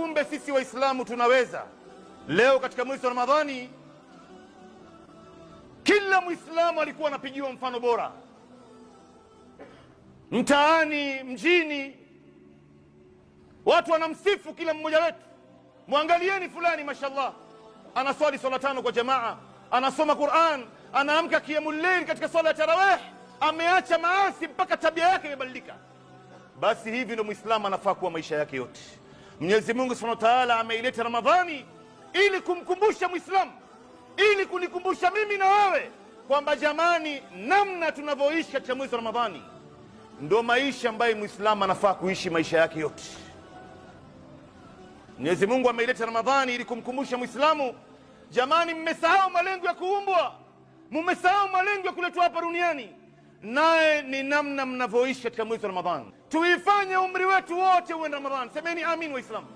kumbe sisi Waislamu tunaweza. Leo katika mwezi wa Ramadhani kila Mwislamu alikuwa anapigiwa mfano bora, mtaani, mjini, watu wanamsifu kila mmoja wetu. Mwangalieni fulani, mashallah, anaswali swala tano kwa jamaa, anasoma Qur'an, anaamka kiyamul katika swala ya tarawih, ameacha maasi mpaka tabia yake imebadilika. Basi hivi ndio Mwislamu anafaa kuwa maisha yake yote. Mwenyezi Mungu Subhanahu wa Ta'ala ameileta Ramadhani ili kumkumbusha Muislamu, ili kunikumbusha mimi na wewe kwamba jamani, namna tunavyoishi katika mwezi wa Ramadhani ndio maisha ambayo Muislamu anafaa kuishi maisha yake yote. Mwenyezi Mungu ameileta Ramadhani ili kumkumbusha Muislamu, jamani, mmesahau malengo ya kuumbwa, mmesahau malengo ya kuletwa hapa duniani naye ni namna mnavyoishi katika mwezi wa Ramadhani. Tuifanye umri wetu wote uwe Ramadhani. Semeni amin, Waislamu.